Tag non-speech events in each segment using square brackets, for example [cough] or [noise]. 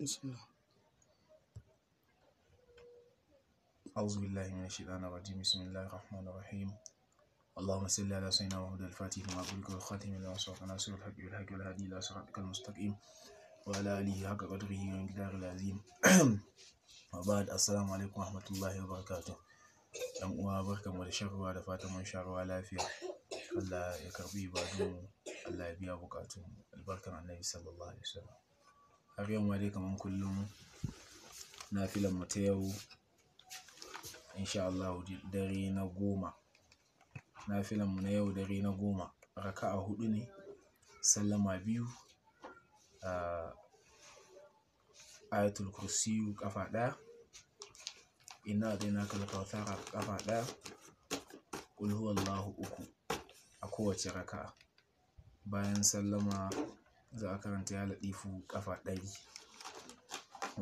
بسم الله أعوذ بالله من الشيطان الرجيم بسم الله الرحمن الرحيم اللهم صل على سيدنا محمد الفاتح لما أغلق الخاتم لما سبق ناصر الحق بالحق والهادي إلى صراطك المستقيم وعلى آله حق قدره ومقداره العظيم [clears throat] وبعد السلام عليكم ورحمة الله وبركاته أم uwa barkanmu da shan ruwa da fatan mun sha ruwa lafiya Allah ya karbi ibadunmu Allah ya biya bukatun albarkan annabi sallallahu har yau dai kaman kullum nafilan mu ta yau insha Allahu dare na goma mu na yau dare na goma raka'a hudu ne sallama biyu ayatul kursiyu ƙafa ɗaya inna adaina kal kautsara ƙafa ɗaya qul huwallahu uku a kowace raka'a bayan sallama za a karanta ya fu ƙafa ɗari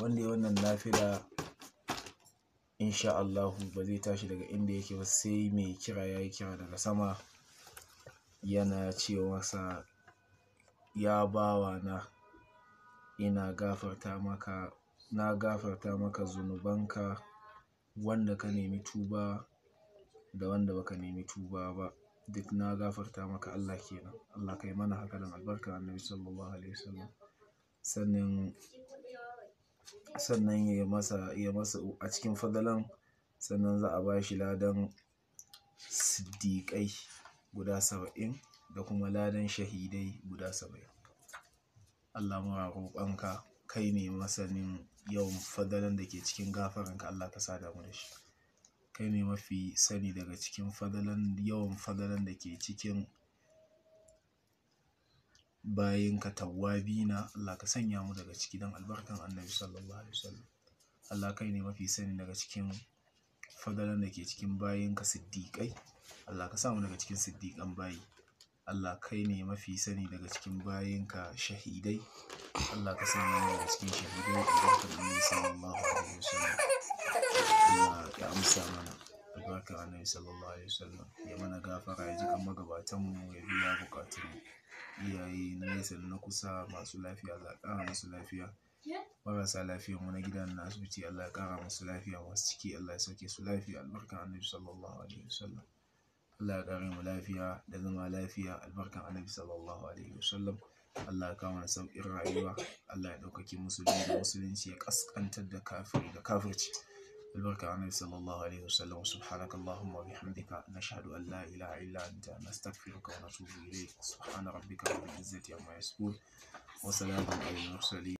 wanda ya wannan nafila insha Allahu ba zai tashi daga inda yake ba sai mai kira ya yi kira daga sama yana cewa sa ya bawa na ina gafarta maka na gafarta maka zunubanka wanda ka nemi tuba da wanda baka nemi tuba ba duk na gafarta maka Allah kenan Allah kai mana haka da albarka annabi sallallahu alaihi wasallam sannan sannan ya masa ya masa a cikin fadalan sannan za a ba shi ladan siddiƙai guda saba'in da kuma ladan shahidai guda saba'in Allah muna roƙonka kai ne masanin yawan fadalan da ke cikin gafaranka Allah ka sada mu da shi Kai ne mafi sani daga cikin fadalan yawan fadalan da ke cikin bayinka Tawabina? Allah ka sanya mu daga ciki don albarkan Annabi Sallallahu Alaihi Wasallam. Allah kai ne mafi sani daga cikin fadalan da ke cikin bayinka siddiƙai. Allah ka sa mu daga cikin siddiƙan bayi. Allah kai ne mafi sani daga cikin bayinka shahidai. Allah ka sanya mu daga cikin shahidai albarkan Annabi Sallallahu Alaihi Wasallam. Allah ya amsa baraka annabi sallallahu alaihi wasallam ya mana gafara ya ji kan magabatan mu ya biya bukatun iyaye na nesa na kusa masu lafiya Allah kara musu lafiya marasa lafiya mu na gidan na asibiti Allah kara musu lafiya masu ciki Allah ya sauke su lafiya albarkan annabi sallallahu alaihi wasallam Allah ya ƙara mu lafiya da zama lafiya albarkan annabi sallallahu alaihi wasallam Allah ya kawo sauƙin rayuwa Allah ya ɗaukaki musulmi da musulunci ya ƙasƙantar da kafiri da kafirci البركة عن صلى الله عليه وسلم سبحانك اللهم وبحمدك نشهد أن لا إله إلا أنت نستغفرك ونتوب إليك سبحان ربك رب العزة عما يصفون وسلام على المرسلين